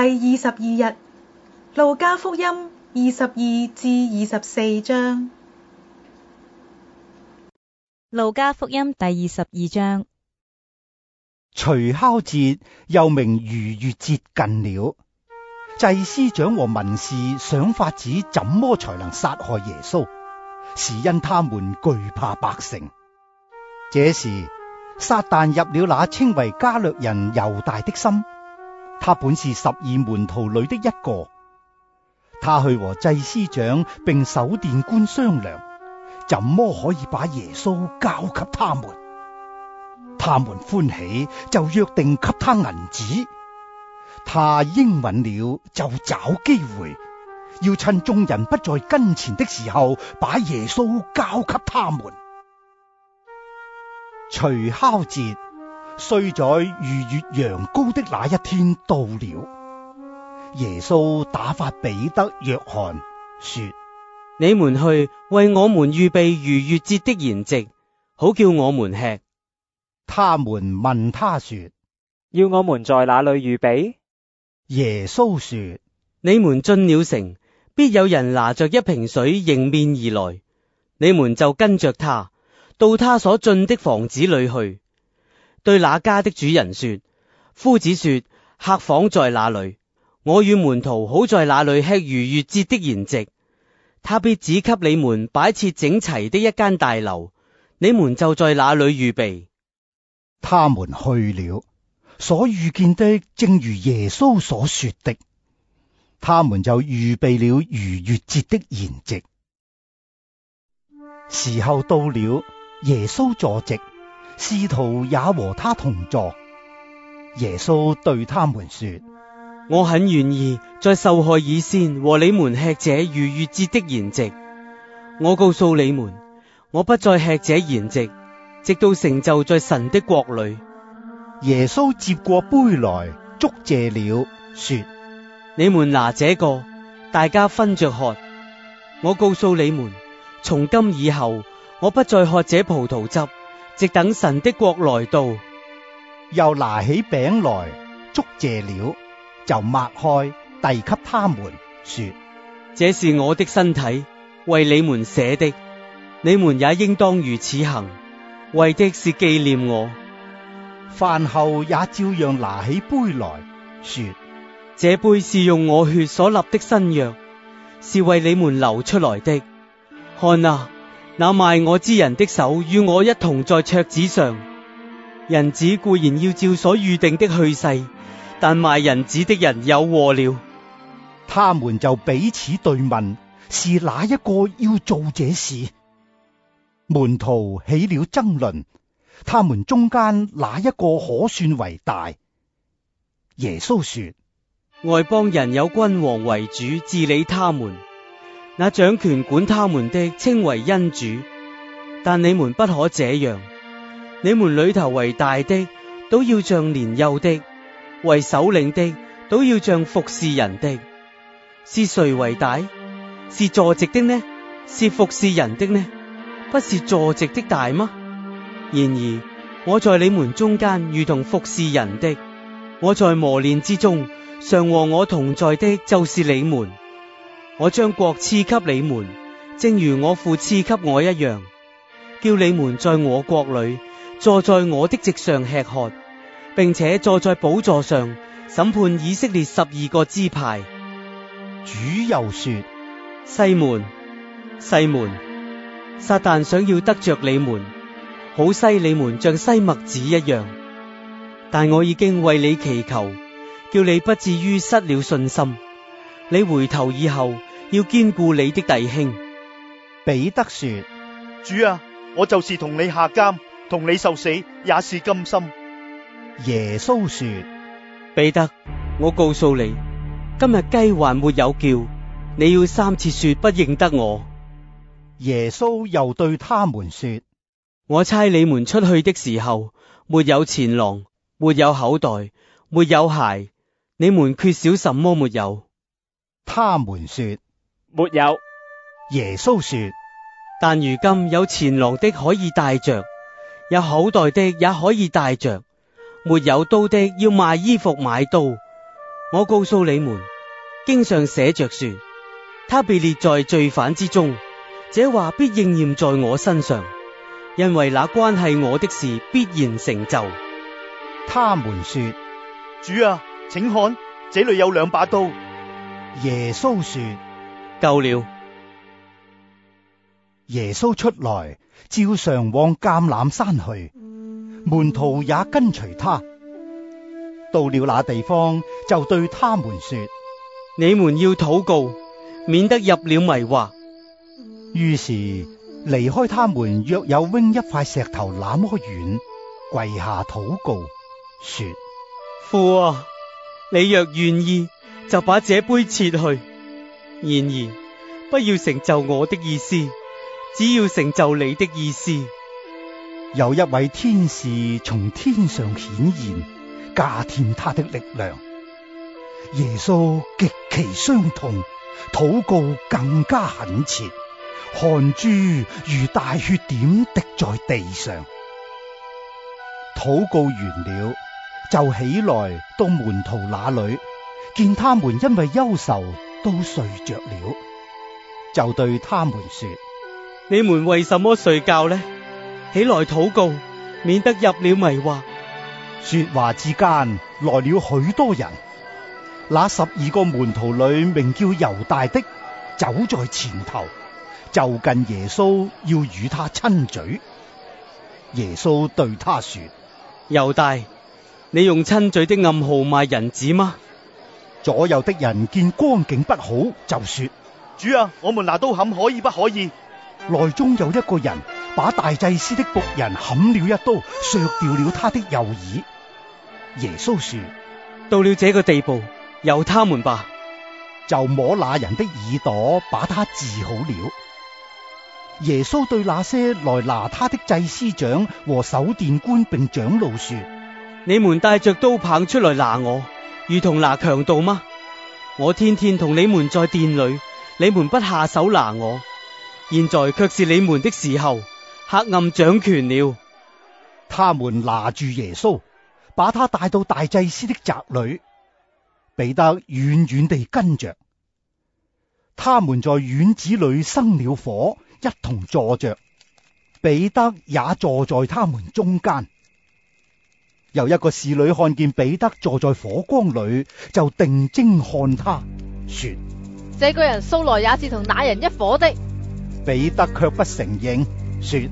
第二十二日，路加福音二十二至二十四章。路加福音第二十二章。除酵節又名逾越節近了，祭司長和文士想法子怎麼才能殺害耶穌，是因他們懼怕百姓。這時，撒但入了那稱為加略人猶大的心。他本是十二門徒裏的一個，他去和祭司長並守殿官商量，怎麼可以把耶穌交給他們。他們歡喜，就約定給他銀子。他應允了，就找機會，要趁眾人不在跟前的時候，把耶穌交給他們。除酵節，須宰逾越羊羔的那一天到了，耶穌打發彼得若寒、約翰說：你們去為我們預備逾越節的筵席，好叫我們吃。他們問他說：要我們在哪裏預備？耶穌說：你們進了城，必有人拿着一瓶水迎面而來，你們就跟着他，到他所進的房子裏去。對那家的主人說：夫子說，客房在哪裏？我與門徒好在哪裏吃逾越節的筵席？他必指給你們擺設整齊的一間大樓，你們就在那裏預備。他們去了，所遇見的正如耶穌所說的，他們就預備了逾越節的筵席。時候到了，耶穌坐席。使徒也和他同坐。耶穌對他們說：我很願意在受害以先，和你們吃這逾越節的筵席。我告訴你們，我不再吃這筵席，直到成就在神的國裏。耶穌接過杯來，祝謝了，說：你們拿這個，大家分着喝。我告訴你們，從今以後，我不再喝這葡萄汁。直等神的國來到，又拿起餅來，祝謝了，就擘開，遞給他們，說：這是我的身體，為你們捨的，你們也應當如此行，為的是紀念我。飯後也照樣拿起杯來說：這杯是用我血所立的新約，是為你們流出來的。看啊！那賣我之人的手與我一同在桌子上，人子固然要照所預定的去世，但賣人子的人有禍了。他們就彼此對問：是哪一個要做這事？門徒起了爭論，他們中間哪一個可算為大？耶穌說：外邦人有君王為主治理他們。那掌權管他們的稱為恩主，但你們不可這樣。你們裏頭為大的，都要像年幼的；為首領的，都要像服侍人的。是誰為大？是坐席的呢？是服侍人的呢？不是坐席的大嗎？然而我在你們中間，如同服侍人的；我在磨練之中，常和我同在的，就是你們。我將國賜給你們，正如我父賜給我一樣，叫你們在我國裏坐在我的席上吃喝，並且坐在寶座上審判以色列十二個支派。主又說：“西門，西門，撒旦想要得着你們，好篩你們像篩麥子一樣。但我已經為你祈求，叫你不至於失了信心。你回頭以後。”要堅固你的弟兄。彼得說：主啊，我就是同你下監，同你受死，也是甘心。耶穌說：彼得，我告訴你，今日雞還沒有叫，你要三次說不認得我。耶穌又對他們說：我猜你們出去的時候，沒有錢囊，沒有口袋，沒有鞋，你們缺少什麼沒有？他們說。沒有。耶穌說，但如今有錢囊的可以帶着，有口袋的也可以帶着。沒有刀的要賣衣服買刀。我告訴你們，經常寫着說，他被列在罪犯之中，這話必應驗在我身上，因為那關係我的事必然成就。他們說，主啊，請看，這裏有兩把刀。耶穌說。夠了。耶穌出來，照常往橄欖山去，門徒也跟隨他。到了那地方，就對他們說：你們要禱告，免得入了迷惑。於是，離開他們若有扔一塊石頭那麼遠，跪下禱告，說：父啊，你若願意，就把這杯切去。然而，不要成就我的意思，只要成就你的意思。有一位天使從天上顯現，加添他的力量。耶穌極其傷痛，禱告更加懇切，汗珠如大血點滴在地上。禱告完了，就起來到門徒那裏，見他們因為憂愁。都睡着了，就對他們說：你們為什麼睡覺呢？起來禱告，免得入了迷惑。說話之間，來了許多人。那十二個門徒裏名叫猶大的走在前頭，就近耶穌要與他親嘴。耶穌對他說：猶大，你用親嘴的暗號賣人子嗎？左右的人見光景不好，就說：主啊，我們拿刀砍可以不可以？內中有一個人把大祭司的僕人砍了一刀，削掉了他的右耳。耶穌說：到了這個地步，由他們吧。就摸那人的耳朵，把他治好了。耶穌對那些來拿他的祭司長和守殿官並長老說：你們帶着刀棒出來拿我。如同拿強盜嗎？我天天同你們在殿裏，你們不下手拿我，現在却是你們的時候。黑暗掌權了，他們拿住耶穌，把他帶到大祭司的宅裏，彼得遠遠地跟着。他們在院子裏生了火，一同坐着，彼得也坐在他們中間。由一個侍女看見彼得坐在火光裏，就定睛看他說：這個人素來也是同那人一夥的。彼得卻不承認，說：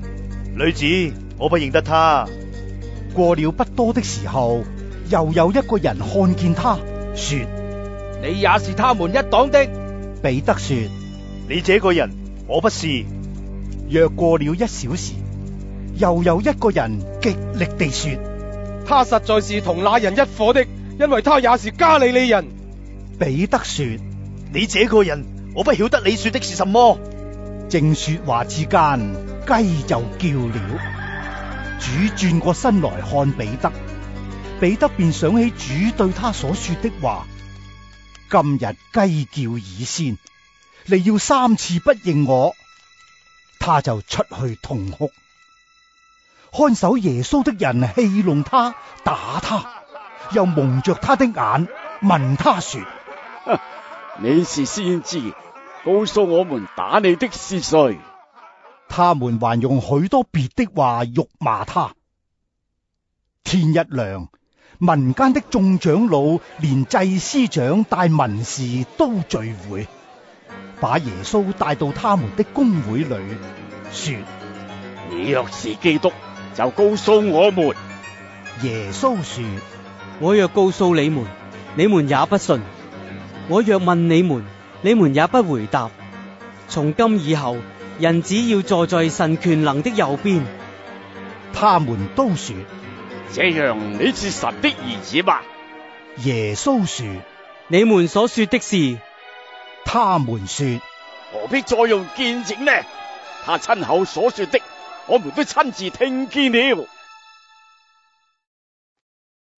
女子，我不認得他。過了不多的時候，又有一個人看見他說：你也是他們一黨的。彼得說：你這個人，我不是。約過了一小時，又有一個人極力地說。他實在是同那人一伙的，因為他也是加利利人。彼得說：你這個人，我不曉得你說的是什麼。正說話之間，雞就叫了。主轉過身來看彼得，彼得便想起主對他所說的話：今日雞叫已先，你要三次不認我，他就出去痛哭。看守耶穌的人戲弄他、打他，又蒙着他的眼，問他說： 你是先知，告訴我們打你的是誰？他們還用許多別的話辱罵他。天一亮，民間的眾長老、連祭司長、帶文士都聚會，把耶穌帶到他們的公會裏，說：你若是基督，就告訴我們，耶穌說：我若告訴你們，你們也不信；我若問你們，你們也不回答。從今以後，人只要坐在神權能的右邊，他們都說：這樣你是神的兒子吧？耶穌說：你們所說的是，他們說：何必再用見證呢？他親口所說的。我們都親自聽見了。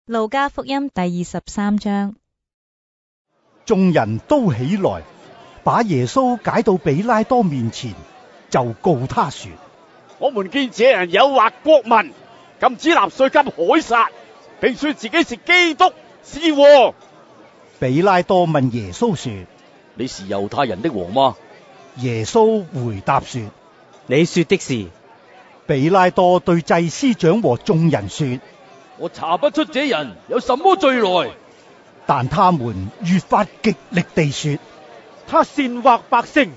路加福音第二十三章，眾人都起來，把耶穌解到彼拉多面前，就告他說：我們見這人誘惑國民，禁止納稅給凱撒，並說自己是基督是王。彼拉多問耶穌說：你是猶太人的王嗎？耶穌回答說：你說的是。彼拉多對祭司長和眾人說：我查不出這人有什麼罪來。但他們越發極力地說：他煽惑百姓，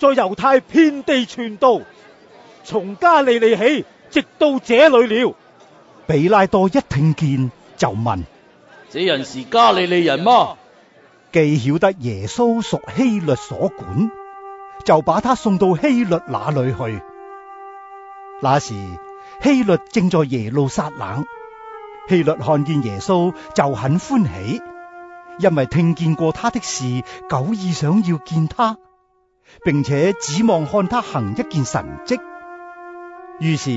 在猶太遍地傳道，從加利利起，直到這裏了。彼拉多一聽見，就問：這人是加利利人嗎？既曉得耶穌屬希律所管，就把他送到希律那裏去。那時希律正在耶路撒冷，希律看見耶穌就很歡喜，因為聽見過他的事，久已想要見他，並且指望看他行一件神跡。於是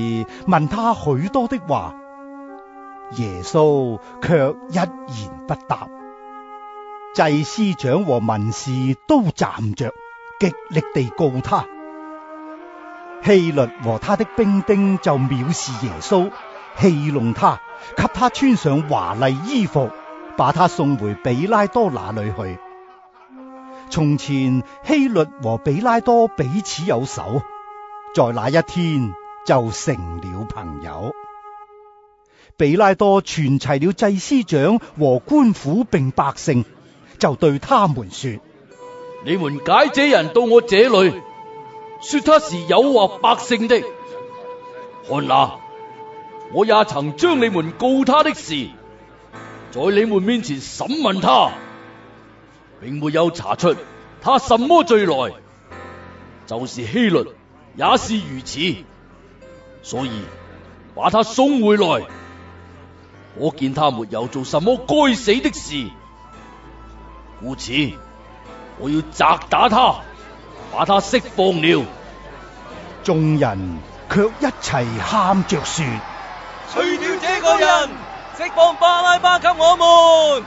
問他許多的話，耶穌却一言不答。祭司長和文士都站着，極力地告他。希律和他的兵丁就藐視耶穌，戲弄他，給他穿上華麗衣服，把他送回比拉多那裏去。從前希律和比拉多彼此有仇，在那一天就成了朋友。比拉多傳齊了祭司長和官府并百姓，就對他們說：你們解這人到我這裏。說他是誘惑百姓的，看哪，我也曾將你們告他的事在你們面前審問他，並沒有查出他什麼罪來，就是希律也是如此，所以把他送回來，可見他沒有做什麼該死的事，故此我要責打他。把他釋放了，眾人卻一齊喊着說：除掉這個人，釋放巴拉巴給我們。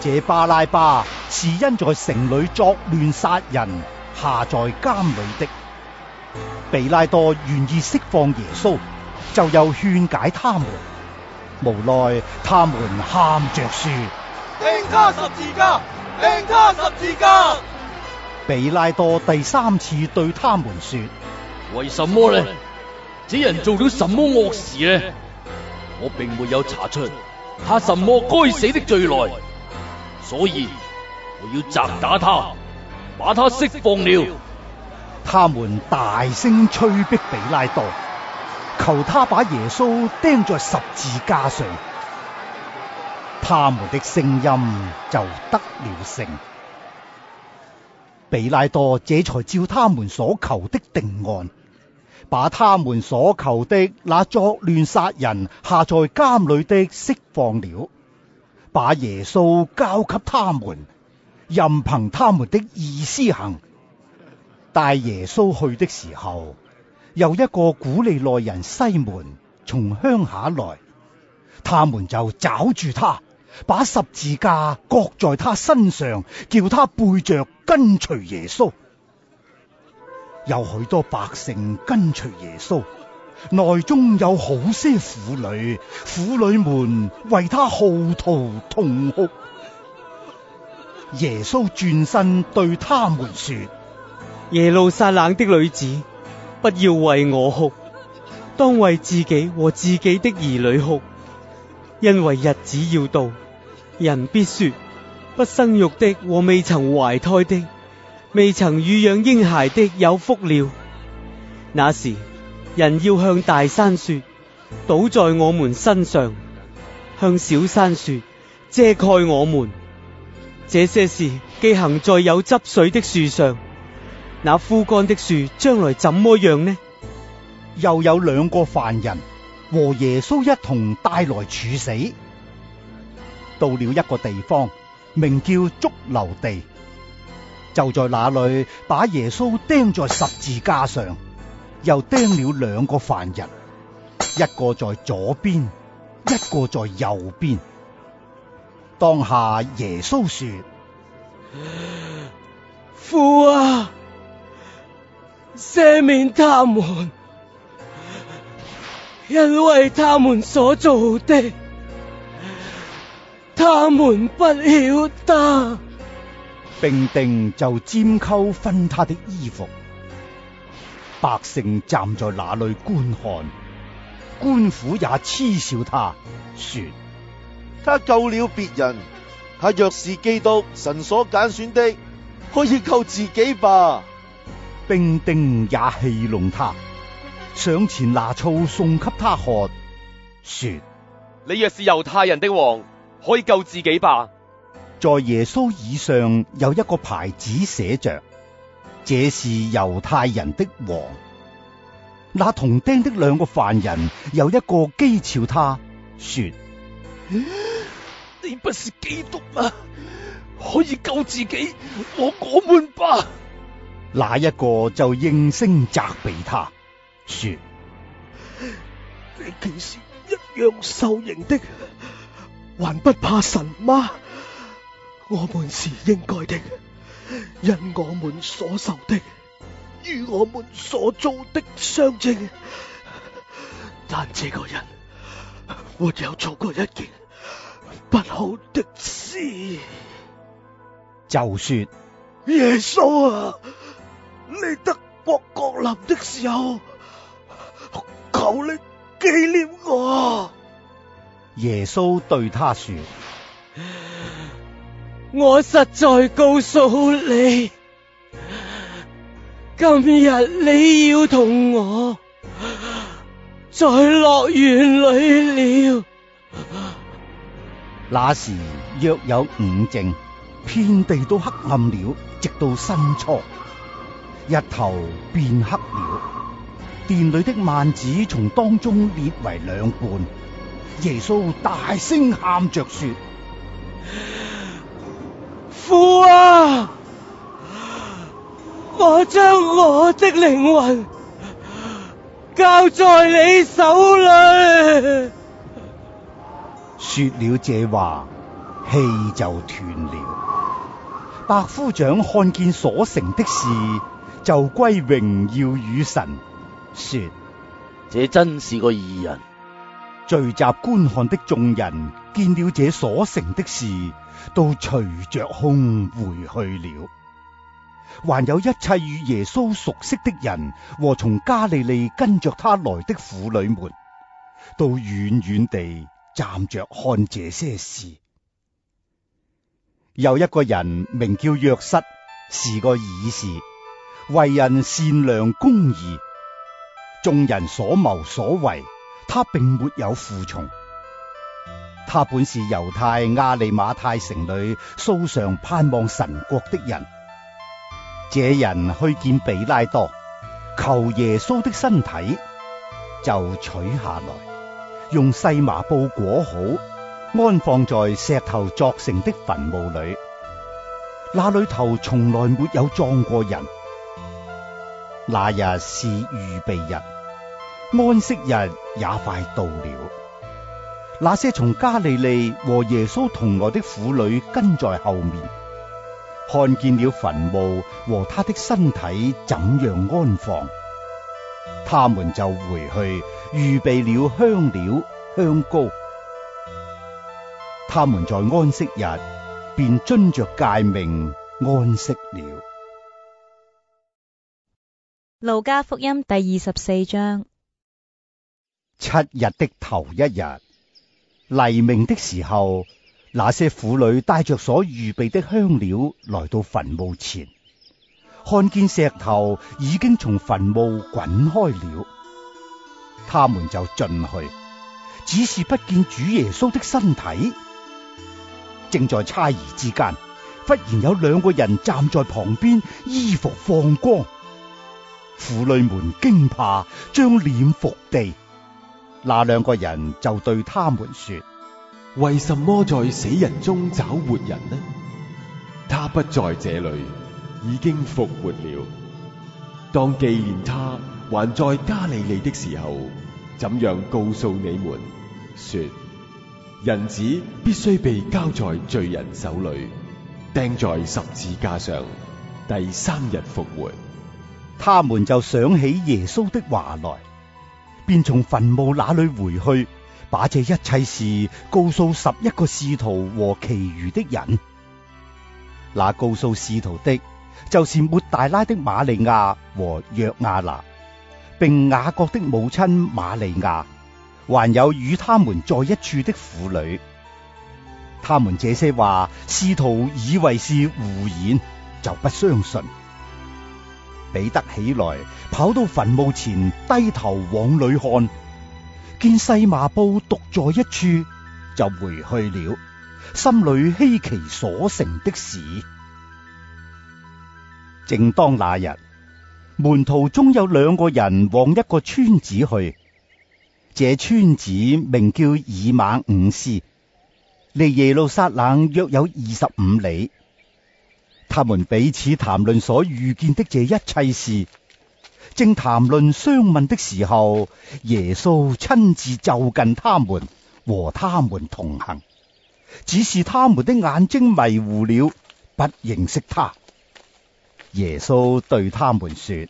這巴拉巴是因在城裏作亂殺人，下在監裏的。彼拉多願意釋放耶穌，就又勸解他們，無奈他們喊着說：釘他十字架，釘他十字架。比拉多第三次對他們說：為什麼呢？這人做了什麼惡事呢？我並沒有查出他什麼該死的罪來，所以我要責打他，把他釋放了。他們大聲催逼比拉多，求他把耶穌釘在十字架上。他們的聲音就得了勝。比拉多這才照他們所求的定案，把他們所求的那作亂殺人、下在監裏的釋放了，把耶穌交給他們，任憑他們的意思行。帶耶穌去的時候，有一個古利奈人西門從鄉下來，他們就抓住他，把十字架擱在他身上，叫他背着。跟隨耶穌，有許多百姓跟隨耶穌，內中有好些婦女，婦女們為他號啕痛哭。耶穌轉身對他們說：耶路撒冷的女子，不要為我哭，當為自己和自己的兒女哭，因為日子要到，人必說。不生育的和未曾懷胎的、未曾乳養嬰孩的有福了。那時，人要向大山說：倒在我們身上；向小山說：遮蓋我們。這些事既行在有汁水的樹上，那枯乾的樹將來怎麼樣呢？又有兩個犯人和耶穌一同帶來處死，到了一個地方。名叫髑髏地，就在那裡把耶穌釘在十字架上，又釘了兩個犯人，一個在左邊，一個在右邊。他們不曉得。兵丁就拈鬮分他的衣服，百姓站在那裏觀看，官府也嗤笑他，說：他救了別人，他若是基督，神所揀選的，可以救自己吧。兵丁也戲弄他，上前拿醋送給他喝，說：你若是猶太人的王。可以救自己吧。在耶穌以上有一個牌子寫着：這是猶太人的王。那同釘的兩個犯人有一個譏嘲他說：你不是基督嗎、啊？可以救自己和我，我們吧。那一個就應聲責備他說：你其實一樣受刑的。還不怕神嗎？我們是應該的，因我們所受的與我們所做的相稱。但這個人沒有做過一件不好的事。就說耶穌啊，你得國降臨的時候，求你紀念我。耶穌對他說：我實在告訴你，今日你要同我在樂園裏了。那時約有午正，遍地都黑暗了，直到申初，日頭變黑了，殿裏的幔子從當中裂為兩半。耶穌大聲喊着說：父啊，我將我的靈魂交在你手裏。說了這話，氣就斷了。百夫長看見所成的事，就歸榮耀與神。說：這真是個義人。聚集觀看的眾人，見了這所成的事，都隨着空回去了。還有一切與耶穌熟悉的人和從加利利跟着他來的婦女們，都遠遠地站着看這些事。有一個人名叫約瑟，已是個義士，為人善良公義，眾人所謀所為。他並沒有服從。他本是猶太亞利馬太城裏素常盼望神國的人。這人去見彼拉多，求耶穌的身體，就取下來，用細麻布裹好，安放在石頭作成的墳墓裏。那裏頭從來沒有葬過人。那日是預備日。安息日也快到了，那些從加利利和耶穌同來的婦女跟在後面，看見了墳墓和他的身體怎樣安放，他們就回去預備了香料香膏。他們在安息日便遵着誡命安息了。24路加福音第24章。七日的頭一日，黎明的時候，那些婦女帶着所預備的香料來到墳墓前，看見石頭已經從墳墓滾開了，他們就進去，只是不見主耶穌的身體。正在猜疑之間，忽然有兩個人站在旁邊，衣服放光，婦女們驚怕，將臉伏地。。那兩個人就對他們說：為什麼在死人中找活人呢？他不在這裏，已經復活了。當紀念他還在加利利的時候，怎樣告訴你們？說：人子必須被交在罪人手裏，釘在十字架上，第三日復活。他們就想起耶穌的話來便從墳墓那裡回去，把這一切事告訴十一個使徒和其餘的人。那告訴使徒的，就是抹大拉的瑪利亞和約亞拿，並雅各的母親瑪利亞，還有與他們在一處的婦女。他們這些話，使徒以為是胡言，就不相信。彼得起來，跑到墳墓前低頭往裏看，見細麻布獨在一處，就回去了，心裏稀奇所成的事。正當那日，門徒中有兩個人往一個村子去，這村子名叫以馬忤斯，離耶路撒冷約有二十五里。他們彼此談論所遇見的這一切事，正談論相問的時候，耶穌親自就近他們，和他們同行。只是他們的眼睛迷糊了，不認識他。耶穌對他們說：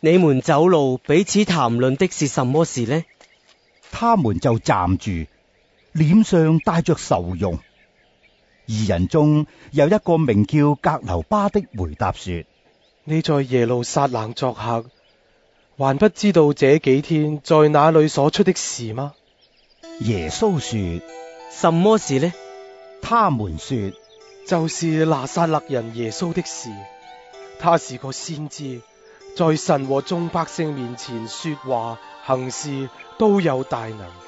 你們走路彼此談論的是什麼事呢？他們就站住，臉上帶着愁容。二人中有一個名叫格留巴的回答說：你在耶路撒冷作客，還不知道這幾天在哪裏所出的事嗎？耶穌說：什麼事呢？他們說：就是拿撒勒人耶穌的事。他是個先知，在神和眾百姓面前說話行事都有大能。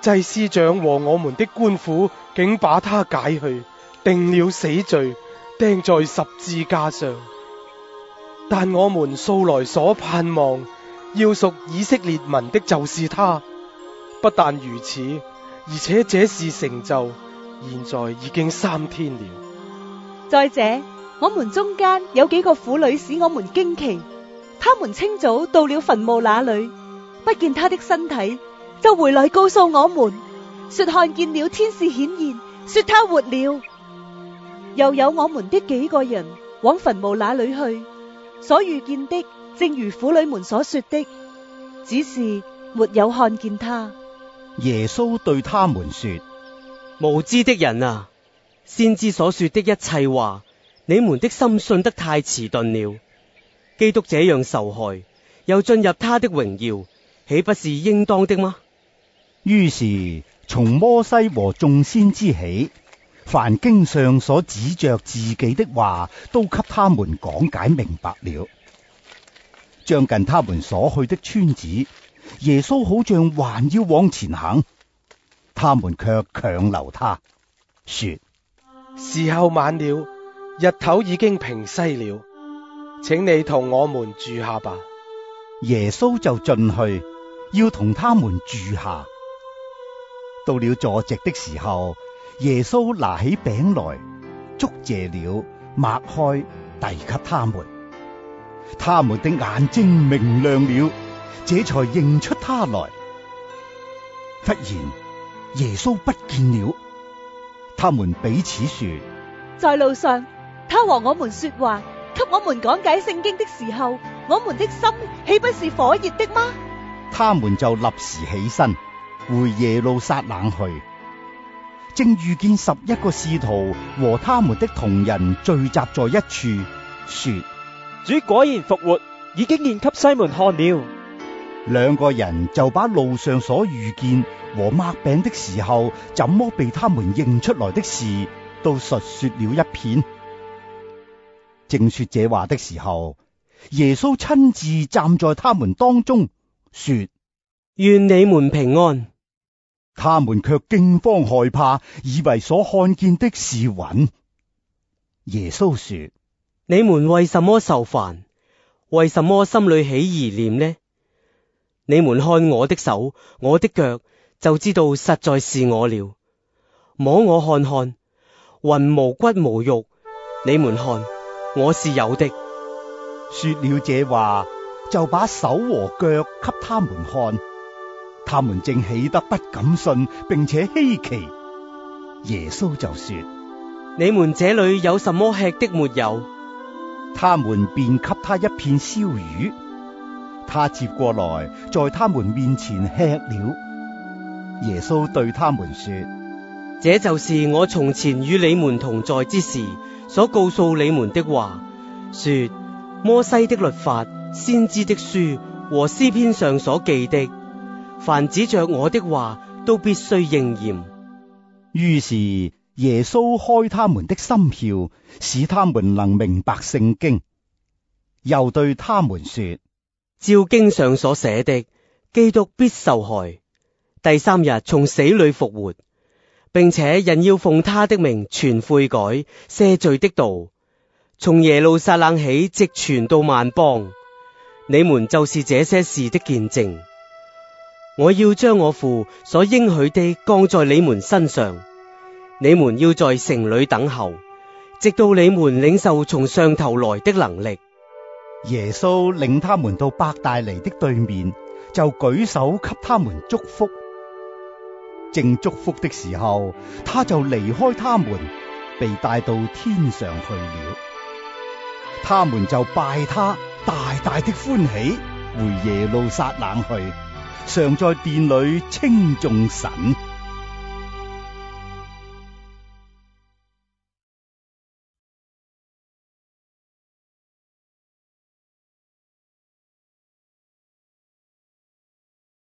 祭司長和我們的官府竟把他解去，定了死罪，釘在十字架上。但我們素來所盼望要屬以色列民的，就是他。不但如此，而且這事成就現在已經三天了。再者，我們中間有幾個婦女使我們驚奇，他們清早到了墳墓那裏，不見他的身體。就回來告訴我們，說看見了天使顯現，說他活了。又有我們的幾個人往墳墓那裏去，所遇見的正如婦女們所說的，只是沒有看見他。耶穌對他們說：無知的人啊，先知所說的一切話，你們的心信得太遲鈍了。基督這樣受害，又進入他的榮耀，豈不是應當的嗎？於是從摩西和眾先知起，凡經上所指着自己的話，都給他們講解明白了。將近他們所去的村子，耶穌好像還要往前行，他們卻強留他說：時候晚了，日頭已經平西了，請你同我們住下吧。耶穌就進去，要同他們住下。到了坐席的時候，耶穌拿起餅來，祝謝了，擘開，遞給他們。他們的眼睛明亮了，這才認出他來。忽然，耶穌不見了。他們彼此說：在路上，他和我們說話，給我們講解聖經的時候，我們的心豈不是火熱的嗎？他們就立時起身。回耶路撒冷去，正遇見十一個使徒和他們的同人聚集在一處，說：主果然復活，已經現給西門看了。兩個人就把路上所遇見和抹餅的時候怎麼被他們認出來的事，都述說了一遍。正說這話的時候，耶穌親自站在他們當中，說：願你們平安！他們卻驚慌害怕，以為所看見的是魂。耶穌說：你們為什麼愁煩？為什麼心裏起疑念呢？你們看我的手、我的腳，就知道實在是我了。摸我看看，魂無骨無肉，你們看我是有的。說了這話，就把手和腳給他們看。他們正喜得不敢信，並且稀奇。耶穌就說：你們這裏有什麼吃的沒有？他們便給他一片燒魚。他接過來，在他們面前吃了。耶穌對他們說：這就是我從前與你們同在之時，所告訴你們的話，說摩西的律法、先知的書和詩篇上所記的。凡指着我的話，都必須應驗。於是耶穌開他們的心竅，使他們能明白聖經。又對他們說：照經上所寫的，基督必受害，第三日從死裏復活，並且人要奉他的名傳悔改、赦罪的道，從耶路撒冷起，直傳到萬邦。你們就是這些事的見證。我要將我父所應許的降在你們身上，你們要在城裏等候，直到你們領受從上頭來的能力。耶穌領他們到伯大尼的對面，就舉手給他們祝福。正祝福的時候，他就離開他們，被帶到天上去了。他們就拜他，大大的歡喜，回耶路撒冷去。常在殿裏稱眾神。